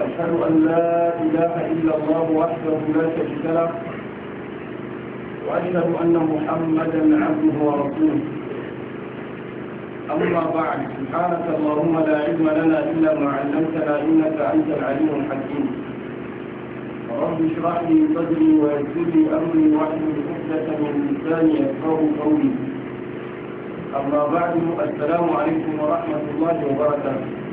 وأشهد أن لا إله إلا الله وحده لا شريك له وأشهد أن محمدا عبده ورسوله أما بعد سبحانك اللهم لا علم لنا إلا ما علمتنا إنك أنت العليم الحكيم رب اشرح لي صدري ويسر لي أمري واحلل عقدة من لساني يفقهوا قولي أما بعد السلام عليكم ورحمة الله وبركاته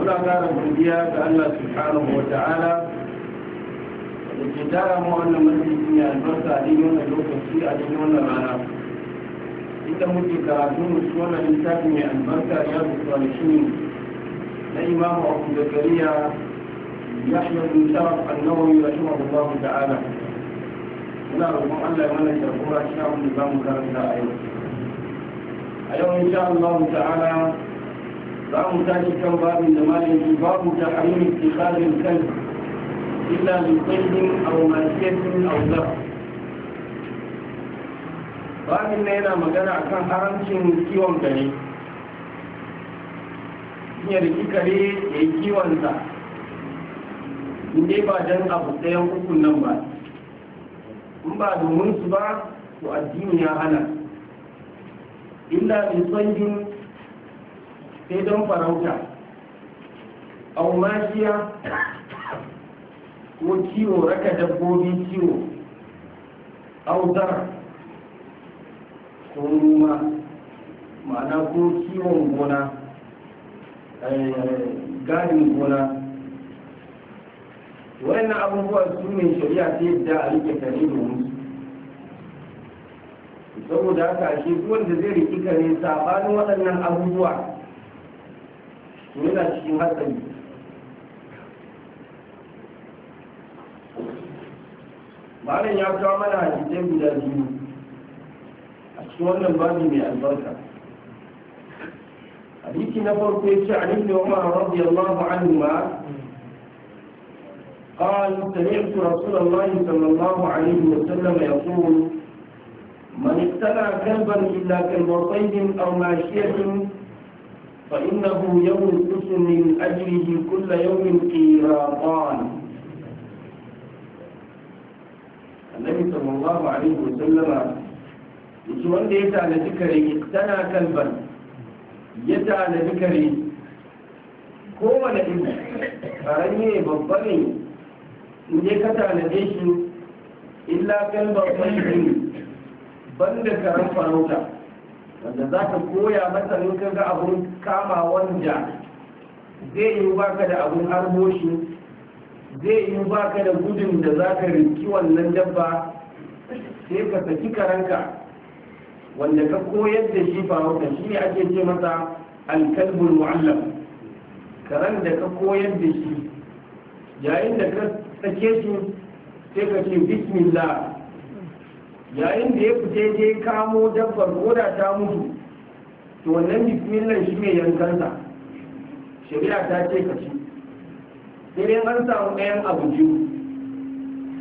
muna ƙara godiya ga Allah subhanahu wa ta'ala da ke tara mu wannan majalisi mai albarka a daidai wannan lokaci a daidai wannan rana inda muke karatu mu su wannan littafi mai albarka ya rubuta da shi na imamu abu zakariya yahya bin sharaf annawawi rahimahullahu ta'ala muna roƙon Allah ya mana jagora shi abin da za mu karanta a yau a yau insha Allah ta'ala za mu tashi kan babin da malami babu ta hanyar ikisarin kan illa bi tsayin aw masiyatin aw zaf babin ne yana magana akan haramcin kiwon gare iya riki kare ya yi kiwonsa inda ba don abu ɗayan hukun ba in ba da su ba to addini ya hana illa bi tsayin sai don farauta aumashiya ko kiwo raka dabbobi kiwo auzar ko noma ma'ana ko kiwon gona eh, gadin gona wannan abubuwa su ne shari'a ta yadda a rike kare domin saboda haka shi wanda zai rike kare sabanin waɗannan abubuwa to yana cikin hatsari malam ya kawo mana hadisai guda biyu a cikin wannan babi mai albarka hadisi na farko ya ce an ibn umar radiyallahu anhu ma قال سمعت رسول الله صلى الله عليه وسلم يقول من ابتلى كلبا الا كلب صيد او ماشيه فإنه ينقص من أجله كل يوم قيراطان النبي صلى الله عليه وسلم yace wanda ya tanaji kare tana kalban ya tanaji kare kowane ibi karami ne babba ne in je ka tanaje shi illa kalban fashin banda karan farauta wanda za ka koya masa in ka ga abun kama wanda zai yi baka da abun shi zai yi baka da gudun da za ka rinki wannan dabba sai ka saki karanka wanda ka koyar da shi farauta shi ne ake ce masa alkalbul mu'allam karan da ka koyar da shi yayin da ka sake shi sai ka ce bismillah yayin da ya fita je kamo dabbar koda ta mutu to wannan bismillah shi mai yankansa shari'a ta ce ka ci sai an samu ɗayan abu biyu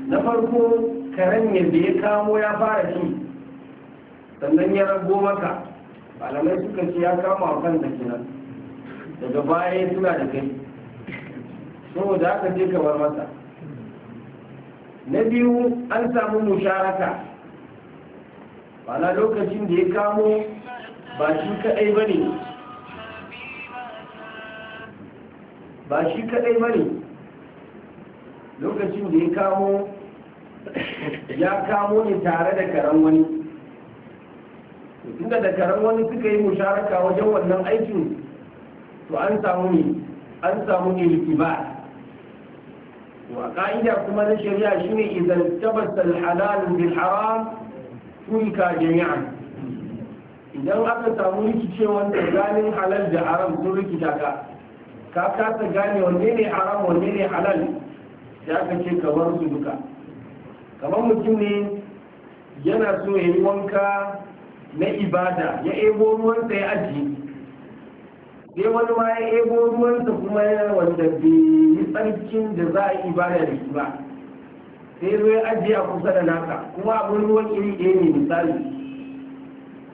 na farko karen da ya kamo ya fara ci sannan ya rago maka malamai suka ce ya kama a kan kenan daga baya suna da kai saboda haka ce kamar masa na biyu an samu musharaka mana lokacin da ya kamo ba shi kaɗai ba ne ba shi kaɗai ba ne lokacin da ya kamo ya kamo ne tare da karen wani tunda da karen wani suka yi musharaka wajen wannan aikin to an samu ne an samu ne ba wa ka'ida kuma na shari'a shine idan tabbatar halal bil haram tunka jami'an idan aka samu rikicewar ganin halal da haram sun rikita ka ka kasa gane wanne ne haram wanne ne halal ya aka kamar su duka kamar mutum ne yana so ya yi wanka na ibada ya ebo ruwansa ya aji sai wani ma ya ebo ruwansa kuma ya wanda bai yi tsarkin da za a yi ibada da shi ba sai ruwa ya ajiye a kusa da naka kuma abin ruwan iri ɗaya ne misali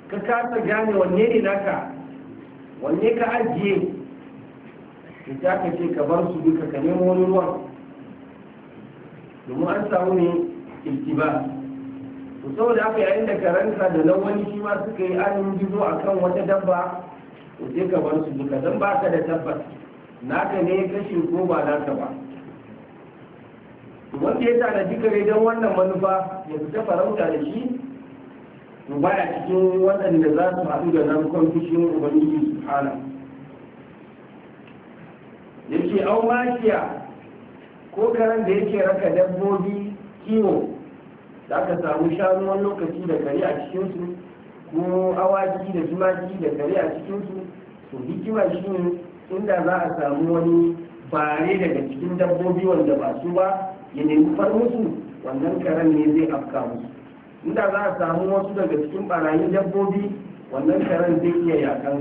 ka kasa gane wanne ne naka wanne ka ajiye ka ja ka ce ka bar su duka ka nemo wani ruwan domin an samu ne iltiba to saboda haka yayin da karanta da wani shi ma suka yi arin gizo a kan wata dabba to sai ka bar su duka don ba ka da tabbas naka ne kashe ko ba naka ba wanda ya tana kare don wannan manufa ya fita farauta da shi baya cikin waɗanda za su haɗu da nan fushin ubangiji hana ya ce au makiya ko karen da yake raka dabbobi kiwo da aka samu shanu lokaci da kare a cikinsu ko awaki da tumaki da kare a cikinsu to hikima shi ne inda za a samu wani bare daga cikin dabbobi wanda ba su ba ya nemi musu wannan karen ne zai afka musu inda za a samu wasu daga cikin barayin dabbobi wannan karen zai iya yakan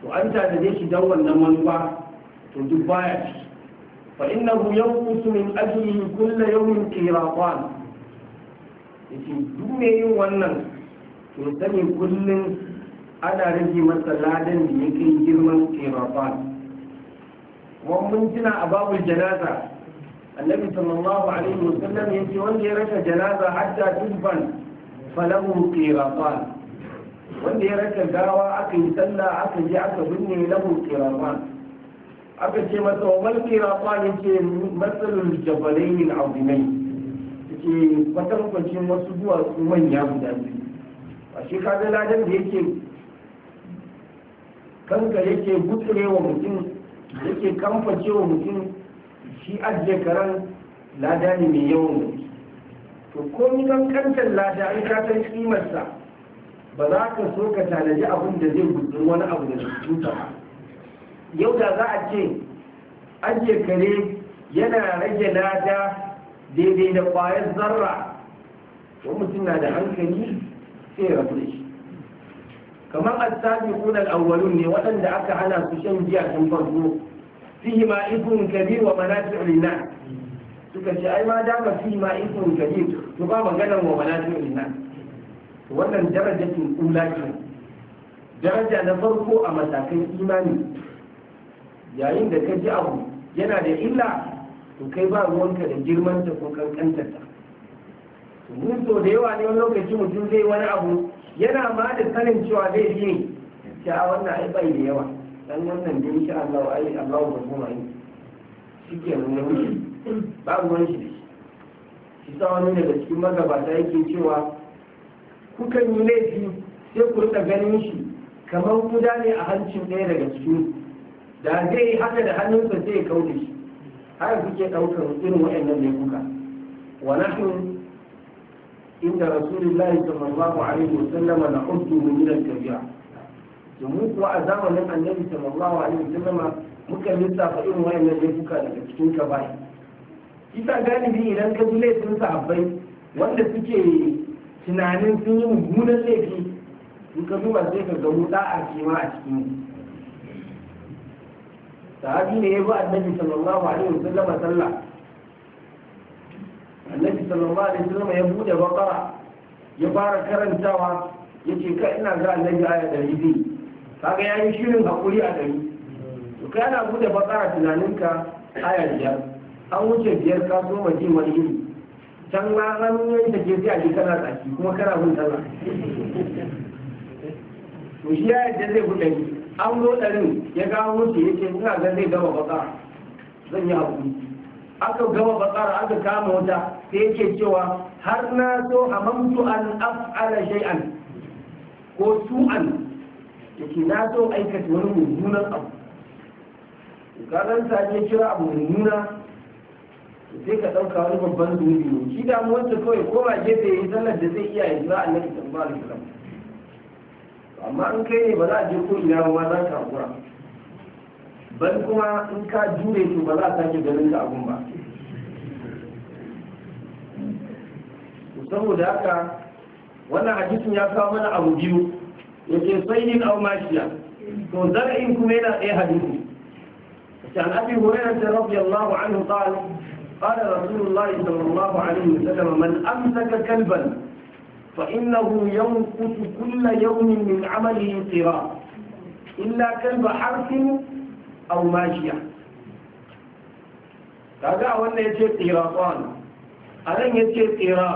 su to an tadade shi don wannan manufa to duk baya ci fa yau kusu min yau kullu yawmin qiraqan duk me yin wannan to sani kullum ana rage masa ladan da ya kai girman qiraqan kuma mun tuna a babul janaza annabi sallallahu alaihi wasallam ya ce wanda ya rasa janaza hatta tubban falahu qiratan wanda ya rasa gawa aka yi sallah aka je aka binne lahu qiratan aka ce masa wa mal qiratan yace masalul jabalain azimain yace kwatankwacin wasu duwatsu manya guda biyu a shi kaga ladan da yake kanka yake gutsure wa mutum yake kamface mutum shi ajiye karen lada ne mai yawan gaske to komi don kantar lada an ka san kimarsa ba za ka so ka tanaji abin da zai gudun wani abu da cuta ba yau da za a ce ajiye kare yana rage lada daidai da kwayar zarra wani mutum na da hankali sai rabu da shi kamar asabi kunan awwalun ne waɗanda aka hana su shan giya sun farko fihi ma ismun kabir wa manafi'u ai ma dama fihi ma ismun kabir to ba maganan wa manafi'u nan wannan darajatin ula ce daraja na farko a matakan imani yayin da ka ji abu yana da illa to kai ba ruwanka da girman ta ko kankantar ta mun so da yawa ne wani lokaci mutum zai wani abu yana ma da sanin cewa zai yi ne ta wannan ai bai da yawa dan wannan da yake Allah wa ai Allah ba kuma yi shike mun ba babu wani shi shi sa wani daga cikin magabata yake cewa kukan yi laifi sai ku rika ganin shi kamar guda ne a hancin ɗaya daga cikin da zai haka da hannunsa sai ya kauce shi haka kuke ɗaukar irin waɗannan kuka? wa nahnu inda rasulullahi sallallahu alaihi wasallam na hudu min al kabiya. domin kuwa a zamanin annabi sallallahu alaihi wasallam muka lissafa irin wayannan laifuka daga cikin kaba'i isa galibi idan ka ji laifin sahabbai wanda suke tunanin sun yi mummunan laifi in ka duba sai ka ga muta a kima a cikin sahabi ne ya bi annabi sallallahu alaihi wasallam sallah annabi sallallahu alaihi wasallam ya bude bakara ya fara karantawa yace ka ina ga annabi aya da biyu kaga yayi shirin hakuri a ɗari to kai ana bude bakara tunaninka aya biyar an wuce biyar ka so ma ji wani iri can ma an yi ke sai a ji kana tsaki kuma kana bin sallah to shi ya yadda zai bude ni an zo ɗarin ya ga wuce ya ce ina ga zai gama bakara zan yi hakuri aka gama bakara aka kama wuta sai yake cewa har na so mamtu an af'ala shay'an ko su'an yake na zo aikata wani mummunan abu kanan ta ke kira abu mummuna sai ka ɗauka wani babban zunubi ne shi damuwarsa kawai ko ba ke ya yi sallar da zai iya ya jira annabi sallallahu alaihi wasallam amma in kai ne ba za a je ko ina ba za ka hakura ban kuma in ka jure to ba za a sake ganin ka abun ba saboda haka wannan hadisin ya kawo mana abu biyu yake sainin au mashiya to zar'in kuma yana ɗaya hadisi عن rabbi allahu رضي الله عنه قال قال رسول الله صلى الله عليه وسلم من أمسك كلبا فإنه ينقص كل يوم من عمله قراء إلا كلب حرث أو ماشية kaga a wannan ya ce tsira tsawon a nan ya ce tsira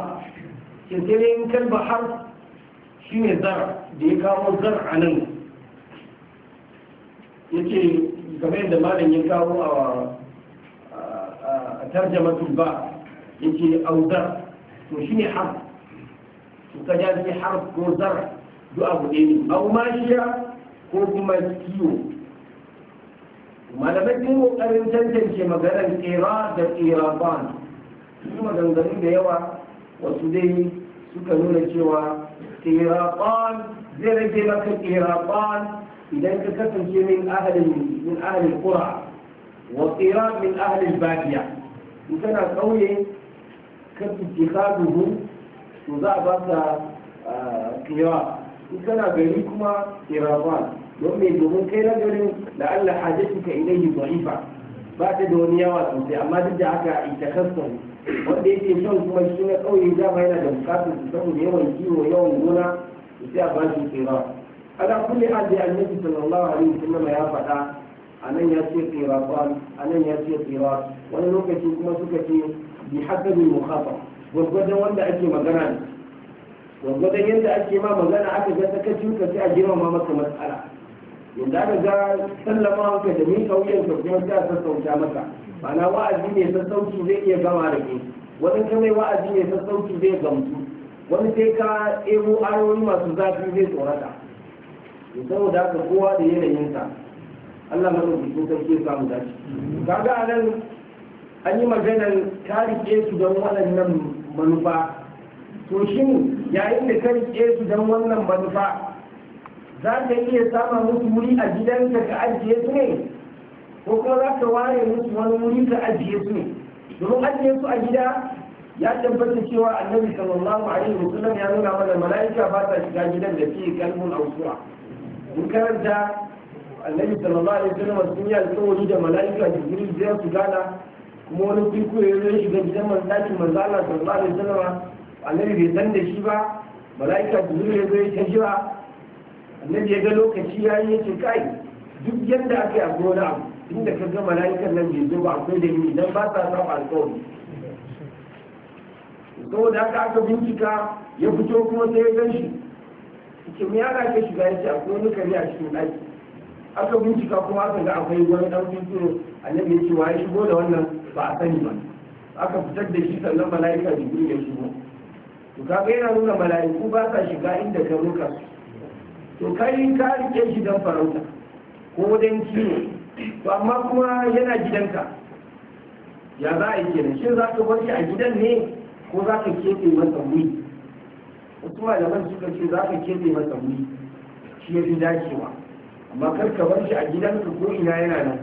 kisirin kalba har shi ne zar da ya kawo zar a nan ya ce game da malam ya kawo a tarjama ba ya ce auzar to shi ne har su ka ja ce har ko zar duk abu ne au mashiya ko kuma kiyo malamai sun ƙoƙarin tantance maganar ƙera da ba ba su maganganu da yawa wasu dai suka nuna cewa ihraqan zai maka ihraqan idan ka kasance min ahli min wa qiran min ahli albadiya in kana kauye ka tikhaduhu to za ba ka qira in gari kuma ihraqan don me domin kai na gari da Allah hajjatu ka ilayhi dha'ifa ba ta da wani yawa sosai amma duk da haka ittakhasu wanda yake son kuma shi na kauye dama yana da bukatar su saboda yawan kiwo yawan gona sai a ba shi tsira ala kulli hal da annabi sallallahu alaihi wasallam ya faɗa anan ya ce a anan ya ce tsira wani lokaci kuma suka ce bi mu kafa. gwargwadon wanda ake magana ne gwargwadon yadda ake ma magana aka ga sakacin ka sai a girmama maka matsala yanda aka ga sallama ka da mika wuyan ka kuma sai a sassauta maka ana wa'azi mai sassauci zai iya gama da ke wani kamai wa'azi mai sassauci zai gamsu wani sai ka ebo ayoyi masu zafi zai tsorata saboda haka kowa da yanayinsa Allah madaukakin sarki ya samu dace kaga anan an yi maganar ta rike su don waɗannan manufa to shi yayin da ka rike su don wannan manufa za ka iya samun musu wuri a gidanka ka ajiye su ne ko kuma za ka ware musu wani wuri da ajiye su domin ajiye su a gida ya tabbata cewa annabi sallallahu alaihi sallam ya nuna mana mala'ika ba ta shiga gidan da ke kalmun ausura in karanta annabi sallallahu alaihi sallam sun yi alƙawari da mala'ika da guri zai su gana kuma wani kurkure ya shiga gidan manzakin manzo Allah sallallahu alaihi wasallam annabi bai san da shi ba mala'ika guri ya zo ya ta jira annabi ya ga lokaci yayi ya ce kai duk yadda aka yi abu gona abu inda ka ga mala'ikan nan bai zo ba kai da ni idan ba sa saba alƙawari saboda haka aka bincika ya fito kuma sai ya gan shi ke mu yana ka shiga ya ce akwai wani kare a cikin ɗaki aka bincika kuma aka ga akwai wani ɗan binciro annabi ya ce wa ya shigo da wannan ba a sani ba aka fitar da shi sannan mala'ika da ya shigo to ga yana nuna mala'iku ba sa shiga inda ka nuka. to kai ka rike shi dan farauta ko dan ciwo to amma kuma yana gidanka ya za a yi kenan shi za ka bar shi a gidan ne ko za ka keɓe masa wuri wasu malaman suka ce za ka keɓe masa wuri shi ya fi dacewa amma kar ka bar shi a gidanka ko ina yana nan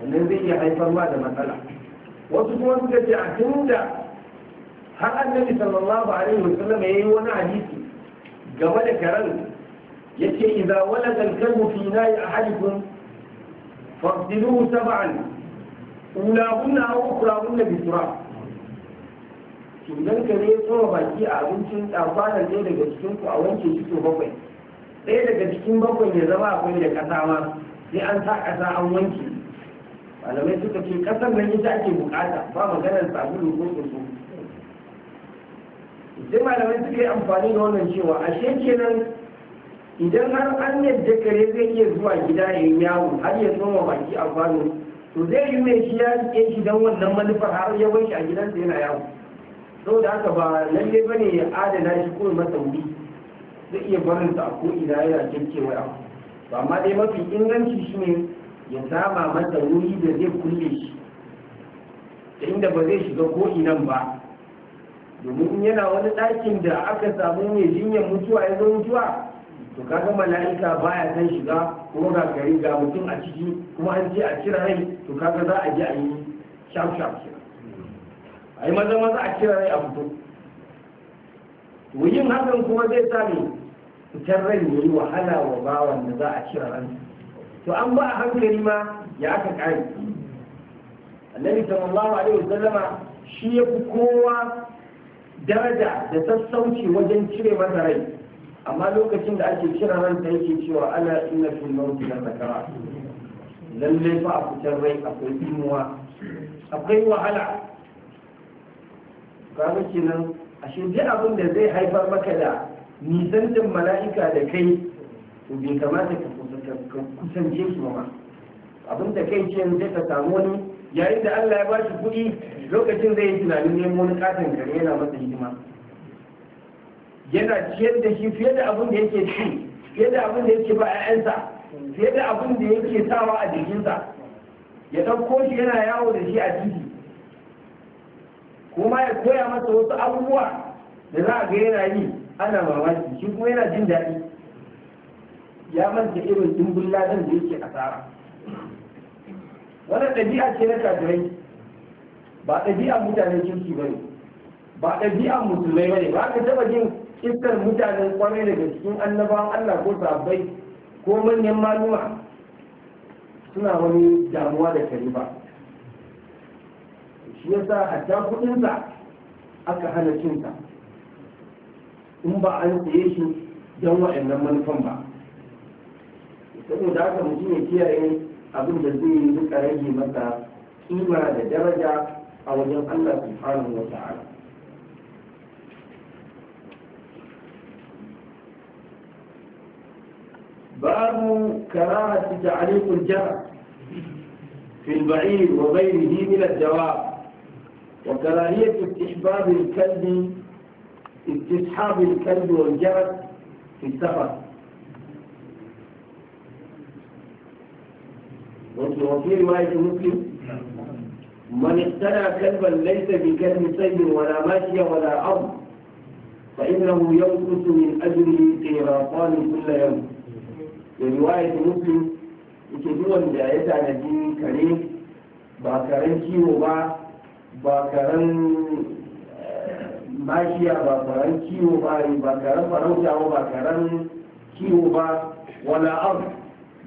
wannan zai iya haifar ma da matsala wasu kuma suka ce a tunda har annabi sallallahu alaihi wasallam ya yi wani hadisi game da karen ya ce idza walaga al-kalbu fi nayi ahadikum فاغسلوه سبعا أولاهن أو أخراهن بسرعة cutar ka ne tsoma baki a abincin tsafanar ɗaya daga cikin ku a wanke shi to bakwai ɗaya daga cikin bakwai ya zama akwai da ƙasa ma sai an sa ƙasa an wanke malamai suka ce ƙasar nan ita ake buƙata, ba maganar sabulu ko soso sai malamai suka yi amfani da wannan cewa ashe nan. idan har an yadda kare zai iya zuwa gida ya yi yawo har ya tsoma baki a kwano to zai yi mai shi ya rike shi don wannan manufar har ya bar shi a gidansa yana yawo saboda haka ba lalle ba ne ya adana shi ko masa wuri zai iya barin a ko ina yana kyakkyawa yawo ba amma dai mafi inganci shi ne ya sama masa wuri da zai kulle shi da inda ba zai shiga ko inan ba domin yana wani ɗakin da aka samu mai jinyar mutuwa ya zo mutuwa to kaga mala'ika baya san shiga kuma ga gari ga mutum a ciki kuma an ce a cire rai to kaga za a je a yi shaf shaf kira a yi maza maza a cire rai a fito to yin hakan kuma zai sa ne fitar rai ne yi wahala wa bawan da za a cire rai to an ba a hankali ma ya aka kare annabi sallallahu alaihi wasallama shi ya fi kowa daraja da sassauci wajen cire masa rai amma lokacin da ake kira ran ta yake cewa ana inna fil mawt la sakara lalle fa a fitar rai akwai dimuwa akwai wahala kaga kenan ashe duk abin da zai haifar maka da nisantin mala'ika da kai to bai kamata ka kusance su ba abin da kai ce zai ka samu wani yayin da Allah ya ba shi kuɗi lokacin zai yi tunanin nemo wani katon kare yana masa hidima yana ciyar da shi fiye da abin da yake ci fiye da abin da yake ba yansa fiye da abin da yake sawa a jikinsa ya ɗauko shi yana yawo da shi a titi kuma ya koya masa wasu abubuwa da za a ga yana yi ana mamaki shi kuma yana jin daɗi ya manta irin dimbin ladan da yake tsara. wannan ɗabi'a ce na kafirai ba ɗabi'a mutanen kirki ba ne ba ɗabi'a musulmai ba ne ba ka taɓa jin iskar mutanen kwarai daga cikin annabawan Allah ko sabbai ko manyan maluma suna wani damuwa da kari ba shi yasa hatta kudinsa aka hana cinsa in ba an tsaye shi don waɗannan manufan ba saboda haka mutum ya kiyaye abin da zai yi rage masa kima da daraja a wajen Allah subhanahu wa ta'ala باب كراهة تعليق الجرح في البعير وغيره من الدواب وكراهية استحباب الكلب استصحاب الكلب والجرس في السفر وفي رواية مسلم من اقتنى كلبا ليس بكلب سيد ولا ماشية ولا أرض فإنه ينقص من أجله قيراطان كل يوم da riwayat mutu yake duk wanda ya tanadi kare ba karen kiwo ba ba karen eh, mashiya ba karen kiwo ba ba karen farauta ba ba karen kiwo ba wala abu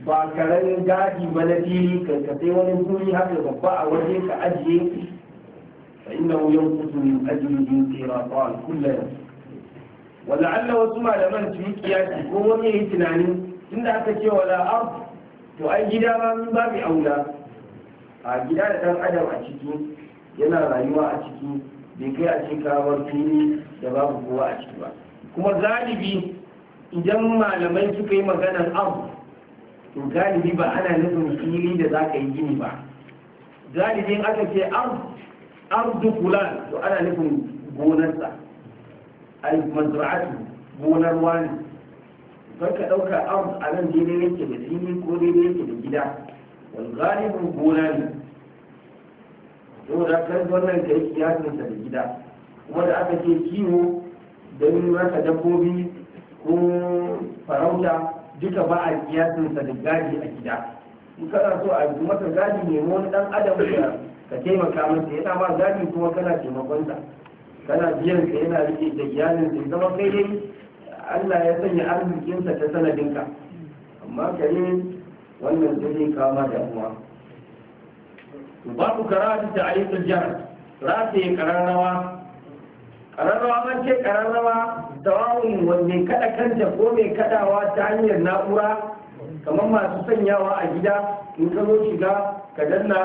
ba karen daji ba na fili karkatai wani guri haka babba a waje ka ajiye fa inna wuyan kusu min ajiyar a kullum wala Allah wasu malaman su kiyasi ko wani ya yi tunanin tunda aka ce wa la'ar to ai gida ma min babu aula a gida da dan adam a ciki yana rayuwa a ciki bai kai a cikin kawar fili da babu kowa a ciki ba kuma galibi idan malamai suka yi maganar abu to galibi ba ana nufin fili da za ka yi gini ba galibi aka ce ardu fulan to ana nufin gonarsa al mazra'atu gonar wani ka ɗauka arz a nan daidai yake da fili ko daidai yake da gida wal ghalibun gona ne saboda kan wannan ka yi kiyasinsa da gida kuma da aka ce kiwo ni raka dabbobi ko farauta duka ba a kiyasinsa da gadi a gida in kana so a yi masa gadi ne wani dan adam da ka taimaka masa yana ba gadi kuma kana sa kana biyan sa yana rike da iyalin sa zama kai dai Allah ya sanya arzikinsa ta sanadinka amma kare wannan zai kama da kuma babu karatu jihar kararrawa kararrawa an ce kararrawa tawawun wanne kada kanta ko mai kadawa ta hanyar na'ura kamar masu sanyawa a gida in ka zo shiga ka danna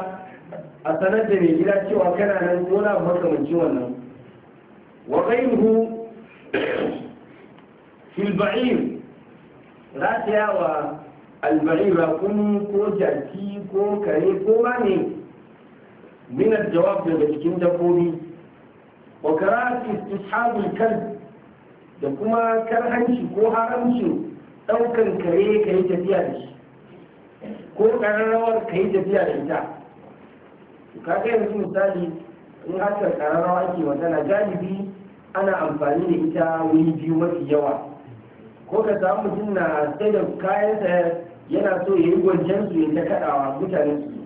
a sanar da mai gida cewa kana nan dole makamancin wannan wa ghayruhu fil ba'ir rataya wa alba'ira kun ko jaki ko kare ko ma ne jawab daga cikin dabbobi wa karatu istishabul kalb da kuma karhanci ko haramcin ɗaukar kare ka yi tafiya da shi ko kararrawar ka yi tafiya da ita kaga yanzu misali in haka ake ke magana galibi ana amfani da ita wuri biyu mafi yawa ko ka samu mutum na sai da kayansa yana so ya yi gwancen su ya kaɗawa mutane su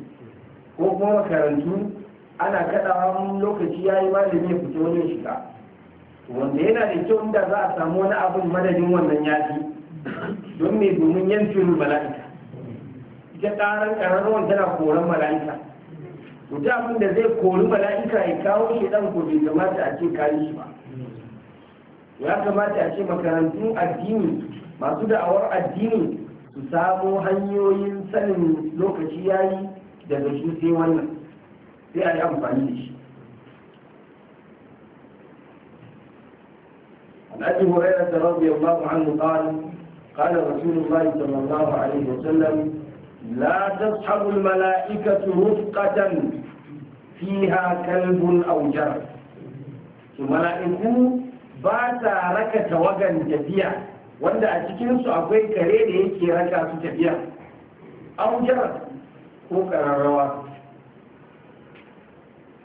ko kuma makarantu ana kaɗawa lokaci ya yi malami ya fito wani shiga wanda yana da kyau inda za a samu wani abin madadin wannan yafi don me domin yankin mala'ika ita ƙarar ruwan tana koran mala'ika mutum abin da zai kori mala'ika ya kawo shi ɗan ko bai kamata a ce kayi shi ba ya kamata a ce makarantun addini masu da'awar addini su samo hanyoyin sanin lokaci ya yi daga shi sai wannan sai a yi amfani da shi yau عن ابي هريره رضي الله عنه قال قال رسول الله صلى الله عليه وسلم لا تصحب الملائكه رفقه فيها كلب aujar su mala'iku ba ta raka tawagan tafiya wanda a cikinsu akwai kare da yake raka su tafiya aujar ko kararrawa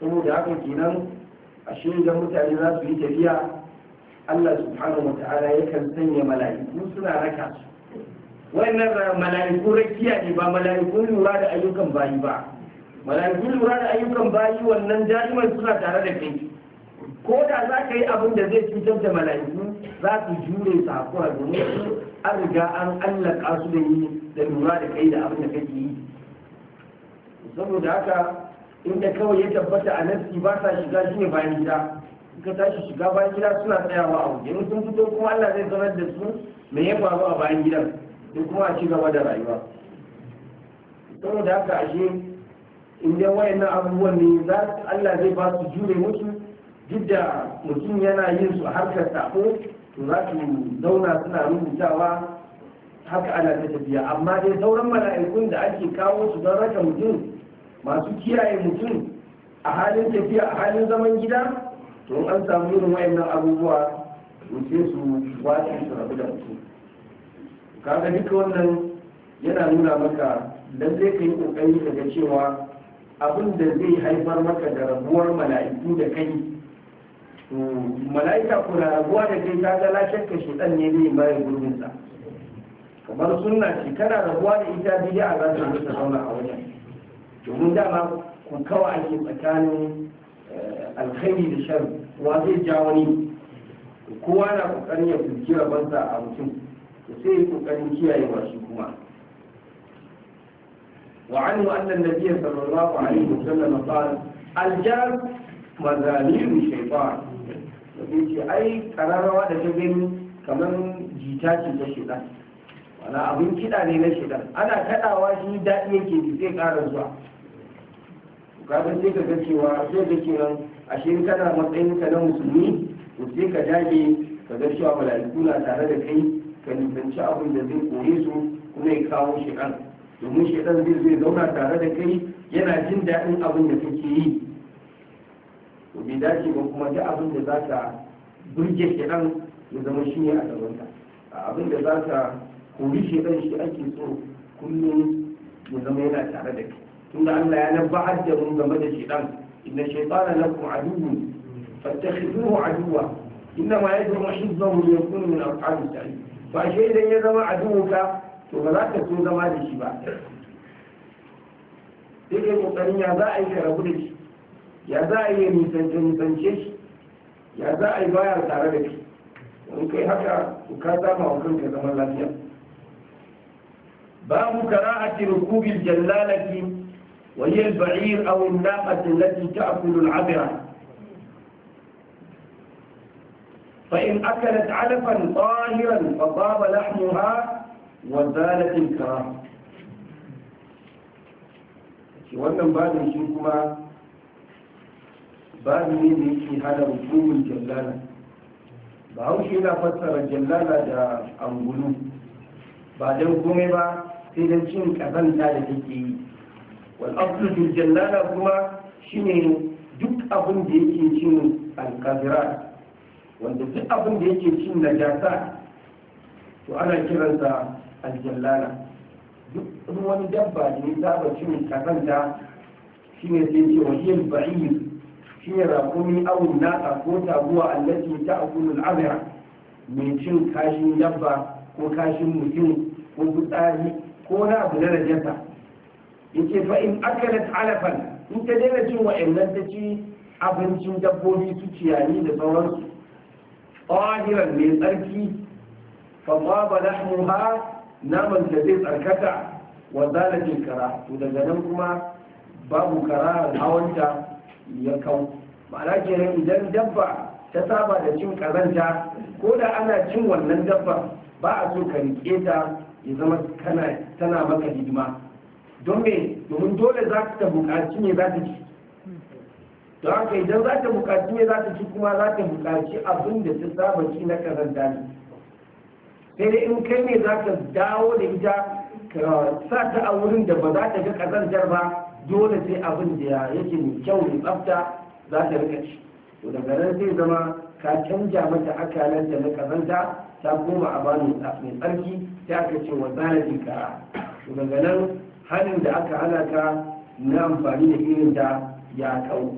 saboda haka kenan a shirin mutane za su yi tafiya allah subhanahu wata'ala yakan sanya mala'iku suna raka su wannan mala'iku rakiya ne ba mala'iku lura da ayyukan bayi ba mala'iku lura da ayyukan bayi wannan jami'ar suna tare da kai ko da za ka yi abin da zai cutar da mala'iku za su jure su hakura domin an riga an allaka su da yi da lura da kai da abin da kake yi saboda haka inda kawai ya tabbata a nafsi ba sa shiga shi ne bayan gida suka tashi shiga bayan gida suna tsayawa a waje sun fito kuma Allah zai sanar da su me ya faru a bayan gidan da kuma a ci gaba da rayuwa saboda haka ashe in dai wayannan abubuwan ne za Allah zai ba su jure musu gida mutum yana yin su harkar tafo to za su zauna suna rubutawa haka ana ta tafiya amma dai sauran mala'ikun da ake kawo su don raka mutum masu kiyaye mutum a halin tafiya a halin zaman gida to an samu irin wayannan abubuwa to sai su wace su rabu da mutum kaga duka wannan yana nuna maka dan zai kai kokari daga cewa abin da zai haifar maka da rabuwar mala'iku da kai mala'ika kuna rabuwa da kai ta ga lashakka shi dan ne bai bayan gurbinsa kamar sunna shi kana rabuwa da ita biya a za ta zauna a wajen domin dama kun kawo ake tsakanin eh, alkhairi da shan wa zai ja wani kowa na kokarin ya fuski rabansa a mutum da sai kokarin kiyayewa shi kuma وعنه أن النبي صلى الله عليه وسلم قال الجهل مذاليل الشيطان sai ce ai kararrawa da ta gani kamar jita ce ta shekar wala abin kiɗa ne na shekar ana kaɗawa shi daɗi yake ji zai ƙara zuwa kaga sai ka ga cewa sai ka cewa ashe kana matsayin ka na musulmi to sai ka dage ka ga cewa mala'iku na tare da kai ka nisanci abin da zai kore su kuma ya kawo shekar domin shekar zai zauna tare da kai yana jin daɗin abin da kake yi to bai dace ba kuma duk abin da za ta burge shedan ya zama shi ne a gabanta abin da za ta kori shedan shi ake so kullum ya zama yana tare da kai tunda Allah ya nabba'ar da mun game da shedan inna shaytana lakum aduwwun fattakhiduhu aduwwa inna ma yad'u hizbahu liyakunu min ashabis sa'id ba shi idan ya zama aduwuka to ba za ka so zama da shi ba sai kai kokarin ya za a yi ka rabu da shi ya za a iya nisance nisance shi ya za a yi baya tare da shi in kai haka ka sama wa kanka zaman lafiya babu kara kara'ati rukubil jallalati wa hiya al-ba'ir aw an-naqati allati ta'kulu al-'abira فإن أكلت babba ba فطاب لحمها وزالت الكراهة wannan babin shi kuma babu ne da yake hana hukumin jallala bahaushe yana fassara jallala da angulu ba don komai ba sai don cin kazanta da take yi wal'aflu jallala kuma shi ne duk abin da yake cin alkazira wanda duk abin da yake cin najasa to ana kiransa aljallala duk wani dabba da ya saba cin kazanta shi ne sai ce wahiyar ba'ir shi ne raƙumi awun naka ko taguwa allaci ta akulul abira mai cin kashin dabba ko kashin mutum ko fitsari ko na abu na najasa yake fa in akalat alafan in ta daina cin wa'annan ta ci abincin dabbobi su ciyayi da sauransu ƙahiran mai tsarki fama ba ha naman ta zai tsarkata wa zalatin kara to daga nan kuma babu kara hawanta ya kau ma'ana kenan idan dabba ta saba da cin kazanta ko da ana cin wannan dabba ba a so ka rike ta ya zama tana maka hidima don me domin dole za ta buƙaci ne za ta ci don haka idan za ta buƙaci ne za ta ci kuma za ta buƙaci abin da ta saba ci na ƙazanta ne sai dai in kai ne za ka dawo da ita ka sa ta a wurin da ba za ta ga kazantar ba dole sai abin da yake mai kyau mai tsafta za ta rika ci to daga nan zai zama ka canja mata akalanta na kazanta ta koma a bani mai tsarki sai aka ce wa zalatin kara to daga nan hannun da aka hana ka na amfani da irin da ya kawo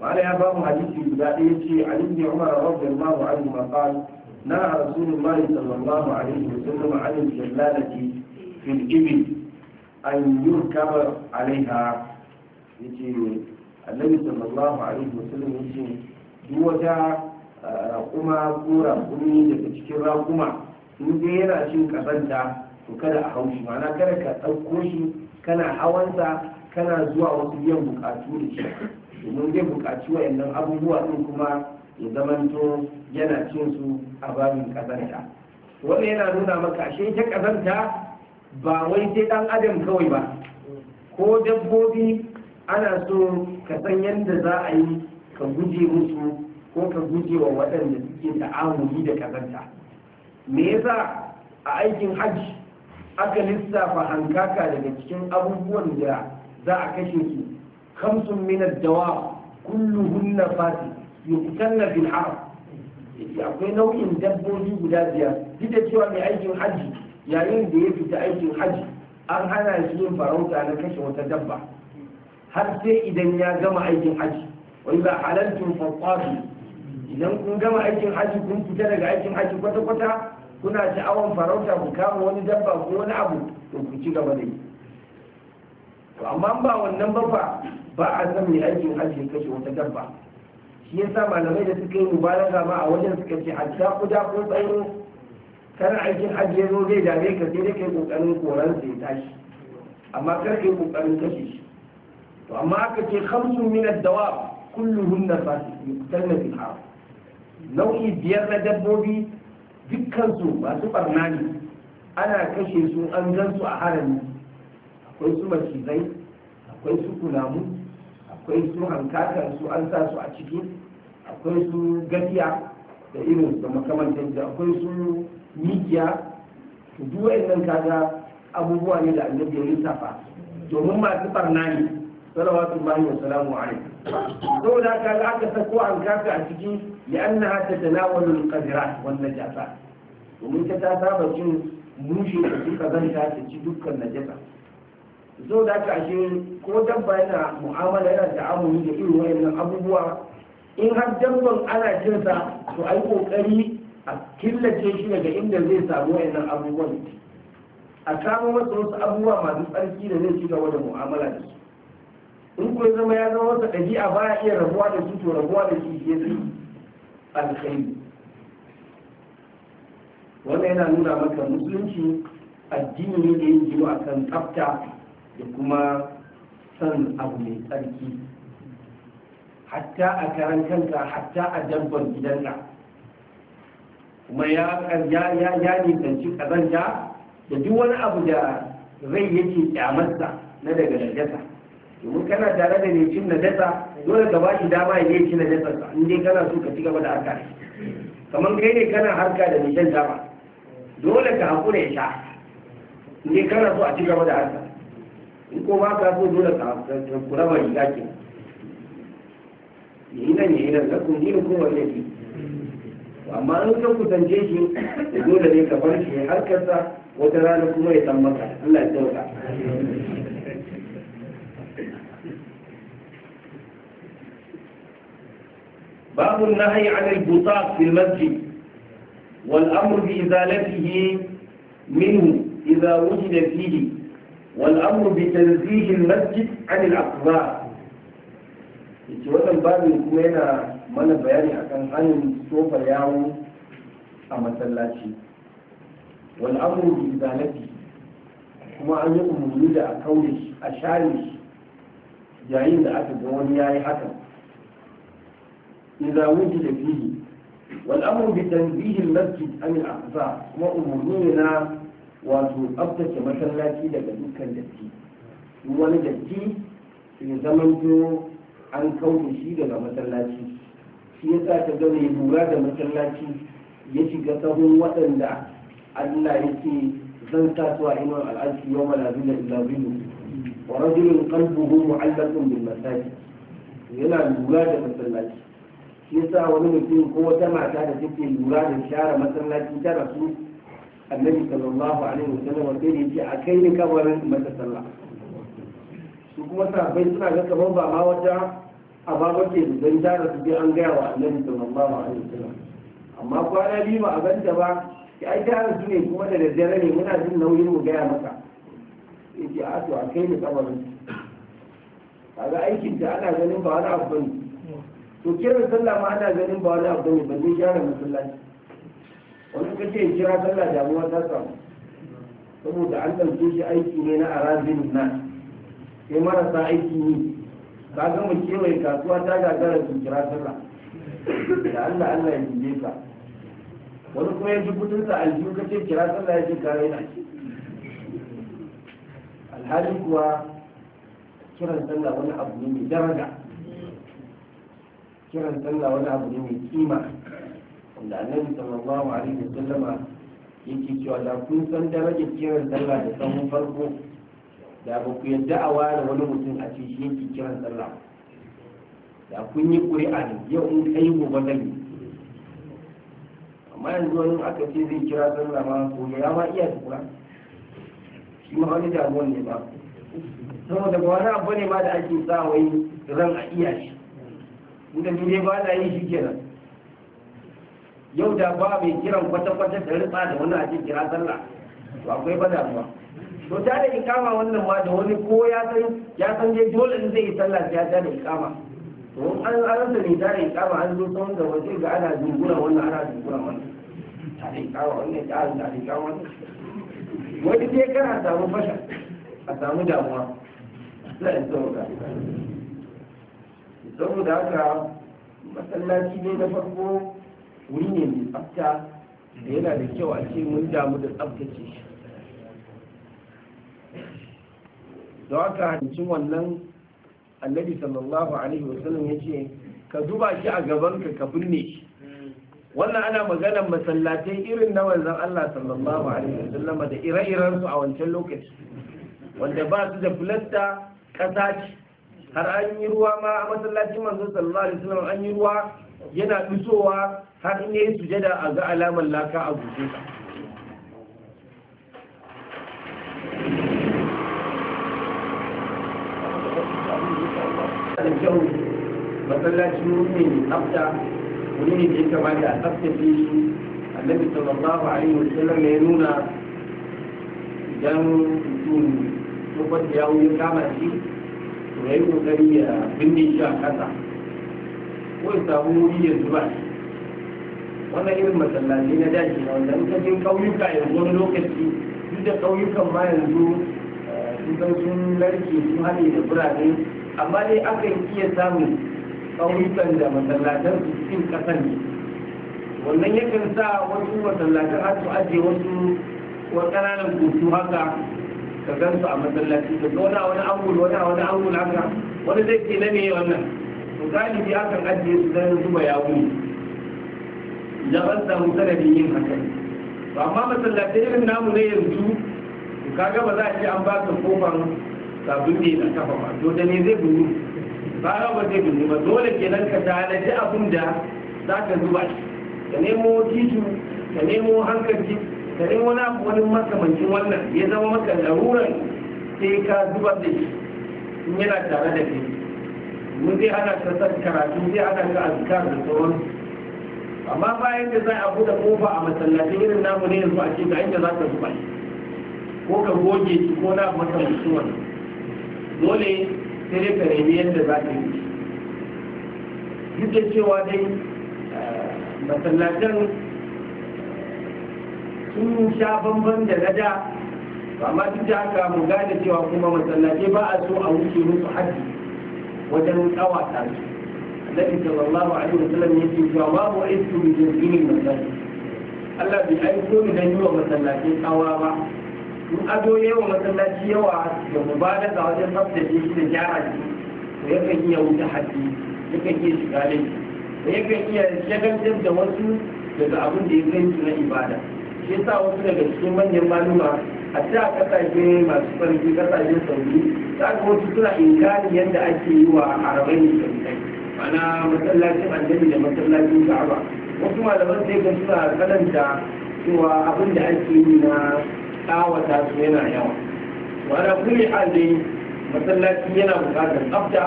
ma'ana ya ba mu hadisi guda ɗaya ce a ibn umar radiyallahu anhu ma qala na rasulullahi sallallahu alaihi sun sallam an al-jallalati fil ibil an yi yurkaba alaiha yace annabi sallallahu alaihi wasallam yace duk wata raƙuma ko raƙumi daga cikin raƙuma in dai yana cin kazanta to kada a haushi mana kada ka ɗauko shi kana hawansa kana zuwa wasu biyan buƙatu da shi domin zai buƙaci wayannan abubuwa ɗin kuma ya zamanto yana cin su a babin kazanta wannan yana nuna maka ashe ta kazanta ba wai sai ɗan adam kawai ba ko dabbobi ana so ka san yadda za a yi ka guje musu ko ka guje wa waɗanda suke ta'amuli da kazanta me yasa a aikin hajj aka lissafa hankaka daga cikin abubuwan da za a kashe su kamsun minar dawa kulluhunna fasi yuqtanna bil haram akwai nau'in dabbobi guda biyar duk da cewa mai aikin hajji yayin da ya fita aikin hajji an hana shi yin farauta na kashe wata dabba har sai idan ya gama aikin hajji wani ba halartun fattafi idan kun gama aikin hajji kun fita daga aikin hajji kwata-kwata kuna sha'awan farauta ku kama wani dabba ko wani abu to ku ci gaba da yi to amma ba wannan ba fa ba a san mai aikin hajji ya kashe wata dabba shi yasa malamai da suka yi mubalaga ba a wajen suka ce hatta kuda ko tsayo kana aikin hajji ya zo zai dame ka sai dai kai kokarin koran sai tashi amma kar kai kokarin kashe shi to amma aka ce khamsu min ad-dawab kulluhunna fasiqun fil haram nau'i biyar na dabbobi dukkan su masu barna ne ana kashe su an gan su a harami akwai su macizai akwai su kunamu akwai su hankakan su an sa su a ciki akwai su gafiya da irin da makamantar da akwai su mikiya duk wa'annan kaga abubuwa ne da annabi ya lissafa domin masu barna ne salawatu bahi wa salamu alaihi saboda haka za aka sako an kafi a ciki ya annaha tatanawalu alqadirat wan najasa domin ta ta saba cin mushe da su kazanta ta ci dukkan najasa zo da haka ashe ko dabba yana mu'amala yana ta'amuli da irin wa'annan abubuwa in har dabban ana jinsa to ai kokari a killace shi daga inda zai samu wayannan abubuwan a kama masa wasu abubuwa masu tsarki da zai ci gaba da mu'amala da su in kuwa zama ya zama wata ɗabi'a ba iya rabuwa da su to rabuwa da shi ya zai alkhairi wannan yana nuna maka musulunci addini ne da yin jiro a kan tsafta da kuma san abu mai tsarki hatta a karan kanka hatta a dabban gidanka kuma ya nisanci kazanta da duk wani abu da zai yake kyamarsa na daga najasa domin kana tare da mai najasa dole ka shi dama ya ci najasa in dai kana so ka ci gaba da harka kamar kai ne kana harka da mai dama dole ka hakura ya sha in dai kana so a ci gaba da harka in ko ba ka so dole ka kura ba riga ke yi nan ya yi nan zakon ni da kowa ne amma in ka kusance shi dole ne ka bar shi harkarsa wata rana kuma ya san maka Allah ya باب النهي عن البطاق في المسجد والأمر بإزالته منه إذا وجد فيه والأمر بتنزيه المسجد عن الأقبار. يتولى الباب يكون هنا mana bayani akan hannun tofa yawo a masallaci wani amuru bi zanafi kuma an yi umarni da a kaune shi a share shi yayin da aka ga wani yayi hakan idza wujida fihi wal amru bi tanbihi al masjid an al aqsa kuma umarni ne na wato tsabtace masallaci daga dukkan datti wani datti sai zamanto an kaune shi daga masallaci shi ya sa ka ga mai lura da masallaci ya shiga tsawon waɗanda Allah ya ce zan sa su a inuwar al'adu yau ma lazila illa biyu wa rajulun qalbuhu mu'allaqun bin masajid yana lura da masallaci shi ya sa wani mutum ko wata mata da take lura da share masallaci ta rasu annabi sallallahu alaihi sallam sai ya ce a kai ni kabarin mata sallah su kuma sahabbai suna ga kamar ba ma wata a ba mace don tara su an gaya wa annabi sallallahu alaihi wasallam amma kwana biyu ba a ganta ba ya ai jara su ne kuma da daddare ne muna jin nauyin mu gaya maka in ji a to a kai ni a kaga aikin ta ana ganin ba wani abu bane to kira sallah ma ana ganin ba wani abu bane ba zai jara masallaci wani ka ce kira sallah damuwa ta samu saboda an ɗauke shi aiki ne na arazin na sai marasa aiki ne ka ga mu kewaye kasuwa ta gagara su kira sirra da Allah Allah ya jibe ka wani kuma ya ji kudin sa aljihu ka ce kira sirra ya ce ka raina alhali kuwa kiran sallah wani abu ne mai daraja kiran sallah wani abu ne mai kima wanda annabi sallallahu alaihi wasallama yake cewa da kun san darajar kiran sallah da sahun farko da ba ku yadda a ware wani mutum a cikin shi kiran sallah da kun yi ƙuri'a ne yau in kai gobe zan yi amma yanzu wani aka ce zai kira sallah ma ko ya ma iya tukura shi ma wani damuwan ne ba sama ba wani abu ne ma da ake sa wai ran a iya shi inda ni dai ba na yi shi kenan yau da ba mai kiran kwata-kwata da ritsa da wani ake kira sallah to akwai ba damuwa to ta da ikama wannan ma da wani ko ya san ya san dai dole in zai yi sallah ya ta da ikama to an an da ta da ikama an zo tsawon da waje ga ana dungura wannan ana dungura wannan ta da ikama wannan ta da ikama wani dai kana samu fasha a samu damuwa sai in tsawon saboda haka masallaci ne na farko wuri ne mai tsafta da yana da kyau a ce mun damu da tsaftace shi da waka hancin wannan annabi sallallahu alaihi wasallam ya ce ka zuba shi a gabanka ka binne shi wannan ana maganar masallatai irin na wanzan Allah sallallahu alaihi wasallam da ire-iren su a wancan lokaci wanda ba su da fulasta kasa ce har an yi ruwa ma a masallacin manzo sallallahu alaihi wasallam an yi ruwa yana dusowa har in sujada a ga alamar laka a gushe masallaci wuri ne mai tsafta wuri ne da ya kamata a tsaftace shi annabi sallallahu alaihi wasallam ya nuna idan mutum tukwar da yawo ya kama shi to ya yi kokari ya binne shi a kasa ko ya samu wuri ya zuba shi wannan irin masallaci na daji na wanda in ka jin ƙauyuka yanzu wani lokaci duk da ƙauyukan ma yanzu eh, sun sun larke sun hane da birane amma dai akan iya samun ƙauyukan da masallatan su cikin ƙasan ne wannan yakan sa wasu masallatan har su ajiye wasu wasu ƙananan kutu haka ka gan su a masallaci ka zauna wani angul wani wani angul haka wani zai ce na ne wannan to galibi akan ajiye su zan zuba yawo idan an samu sanadin yin haka to amma masallatai irin namu ne yanzu kaga ba za a ce an ba ka kofar sabbin ne na kafa ba to da ne zai buru ba ba zai gudu ba dole kenan ka da abin da za ka zuba shi ka nemo titu ka nemo hankali ka nemo na abu wani makamancin wannan ya zama maka larurar sai ka zubar da shi in yana tare da kai mun zai ana ka karatu zai ana ka azkar da sauransu amma bayan da za a buɗe kofa a masallacin irin namu ne yanzu a ce ga inda za ka zuba ko ka goge shi ko na makamancin wannan dole sai dai ka nemi yadda za ka yi duk da cewa dai eh, masallatan eh, sun sha bamban da na da amma duk da haka mu gane cewa kuma masallatai ba a so a wuce musu haji wajen tsawata su annabi sallallahu alaihi wasallam ya ce cewa ba mu aisu bi jinsin masallaci Allah bai aiko ni dan yi wa masallatai tsawa ba in ado yawa masallaci yawa da da wajen ne shi da gyara shi to kan iya wuce haɗi kan iya shiga laifi da kan iya shagantar da wasu daga abin da ya kai su na ibada shi yasa wasu daga cikin manyan maluma a ta kasashe masu farki kasashen sauri za ga wasu suna inkari yadda ake yi wa arabai ne kai mana masallacin annabi da masallacin ka'aba wasu malaman sai ka suna kalanta cewa abin da ake yi na kawata su yana yawa wanda kulli hal masallaci yana bukatar tsafta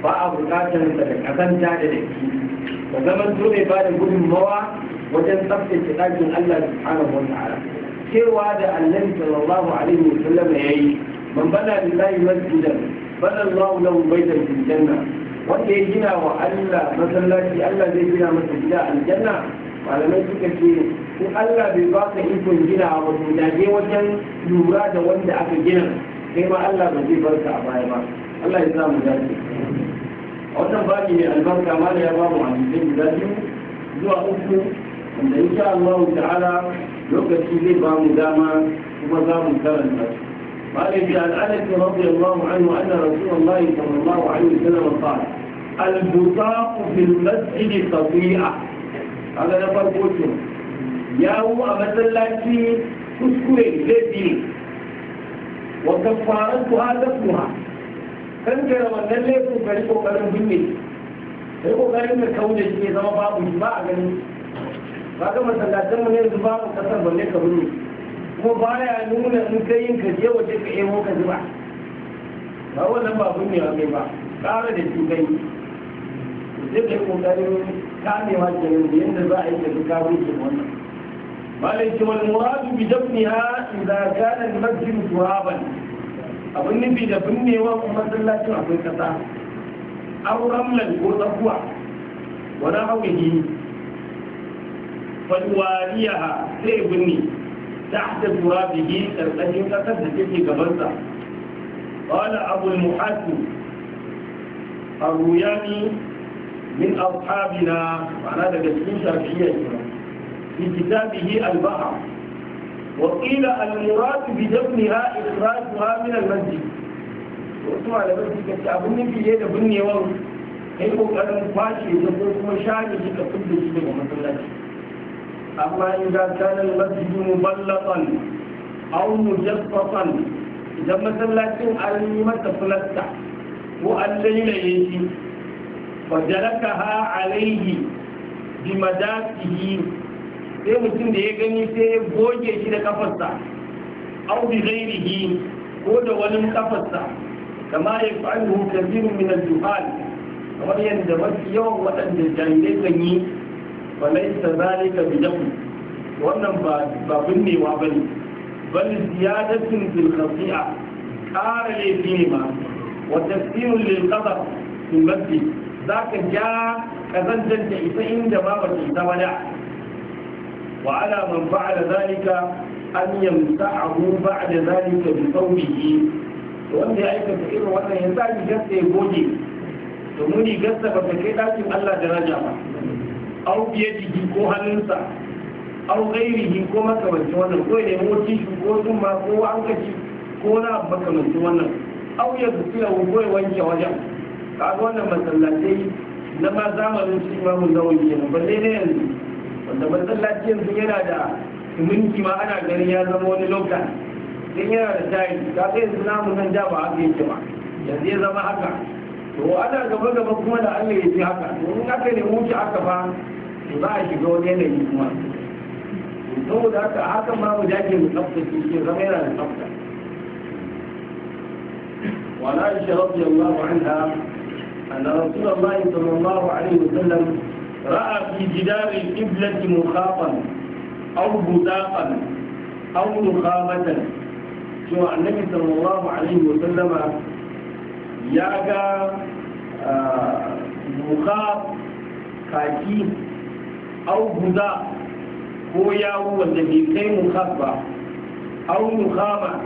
ba a bukatar da kazanta da dake ba zaman dole ba da gudunmawa wajen tsaftace ɗakin Allah subhanahu wa ta'ala cewa da annabi sallallahu alaihi wa sallam yayi man bana lillahi masjidan bana Allahu lahu baitan fil janna wanda ya gina wa Allah masallaci Allah zai gina masa gida aljanna malamai suka ce in Allah bai ba ka ikon gina a wajen dage wajen lura da wanda aka gina kai ma Allah ba zai barka a baya ba Allah ya samu dace a wannan baki ne albarka ma da ya ba mu hadisai guda biyu zuwa uku wanda insha Allah ta'ala lokaci zai ba mu dama kuma za mu karanta قال في الأنس رضي الله عنه أن رسول الله صلى الله عليه وسلم قال البطاق في المسجد خطيئة هذا نفر قلت yawo a masallaci kuskure laifi ne wa tuha ku azabuha kan gara wannan laifin bari kokarin binne sai kokarin ka da shi ne zama babu shi ba a gani ba ga masallacin mu ne yanzu babu kasar balle ka binne kuma ya nuna in kai yin ka je waje ka emo ka zuba ba wannan ba binne wa kai ba ƙara da shi kai zai kai kokarin kamewa kenan da yadda za a yi da fi kawo shi wannan malaki wal muradu bi dafniha idza kana al masjid turaban abin nufi da binnewa kuma masallacin akwai kasa aw ramlan ko tsakuwa wa na hawihi fadwariyaha sai binne tahta turabihi karkashin kasar da take gabansa قال أبو المحاسب الروياني من أصحابنا معناه ده جسمين شافعية في كتابه البحر وقيل المراد بدفنها إخراجها من المسجد واسمع لبسك كتابني في يد بني وان هي kokarin kwashe da ko kuma shani shi ka fidda shi daga masallaci amma idza kana al-masjid muballatan aw mujaffafan idan masallacin an yi masa fulasta ko an lailaye shi fa alayhi bi madatihi sai mutum da ya gani sai ya goge shi da kafarsa au bi ghairihi ko da wani kafarsa kama ya fa'alu kathirun min al-juhal kamar yadda mafi yawan waɗanda jahilai kan yi fa laysa zalika bi jahl wannan ba ba binnewa bane bal ziyadatun fil khati'a ƙara laifi ne ma wa tafsirun lil qadar fil masjid zaka ja kazantar ita inda ba ba ta wada وعلى من فعل ذلك أن يمسحه بعد ذلك بثوبه wanda ya aikata irin wannan ya sami gasta ya goge domin rigarsa ba ta kai dakin Allah daraja ba au biye jiki ko hannunsa au gairihi ko makamancin wannan ko ya nemi shi ko zumba ko an gaci ko na makamancin wannan au ya tafiya ko ya wanke wajen kaga wannan masallatai na ma zamanin shi imamu nawawi kenan ba sai na yanzu masallacin yanzu yana da minti ma ana ganin ya zama wani lokaci sun yana da tayi ka sai yanzu namu nan da ba haka yake ba yanzu ya zama haka to ana gaba gaba kuma da Allah ya ce haka to in aka ne wuce aka ba to za a shiga wani yanayi kuma saboda haka hakan ma mu dage mu tsaftace shi zama yana da tsafta وعن عائشة رضي الله عنها أن رسول الله صلى الله عليه وسلم رأى في جدار القبلة مخاطا أو بزاقا أو نخامة شو النبي صلى الله عليه وسلم ياغا مخاط kaki au guza ko yawo wanda bai kai mukhaf ba au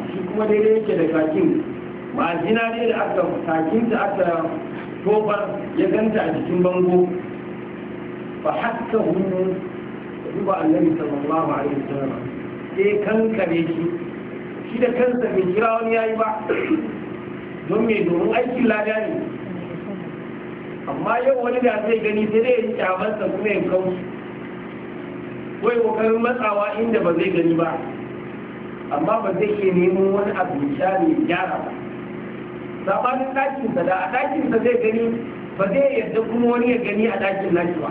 shi kuma daidai yake da kakin ma'azina ne da aka kakin da aka tofar ya ganta a jikin bango فحكه duba annabi sallallahu alaihi wasallam sai kankare shi shi da kansa bai kira wani yayi ba don mai domin aikin lada ne amma yau wani da zai gani sai dai ya kyamarsa kuma ya kawo wai kokarin matsawa inda ba zai gani ba amma ba zai iya neman wani abu ya ne gyara ba sabanin ɗakinsa da a ɗakinsa zai gani ba zai yadda kuma wani ya gani a ɗakin nashi ba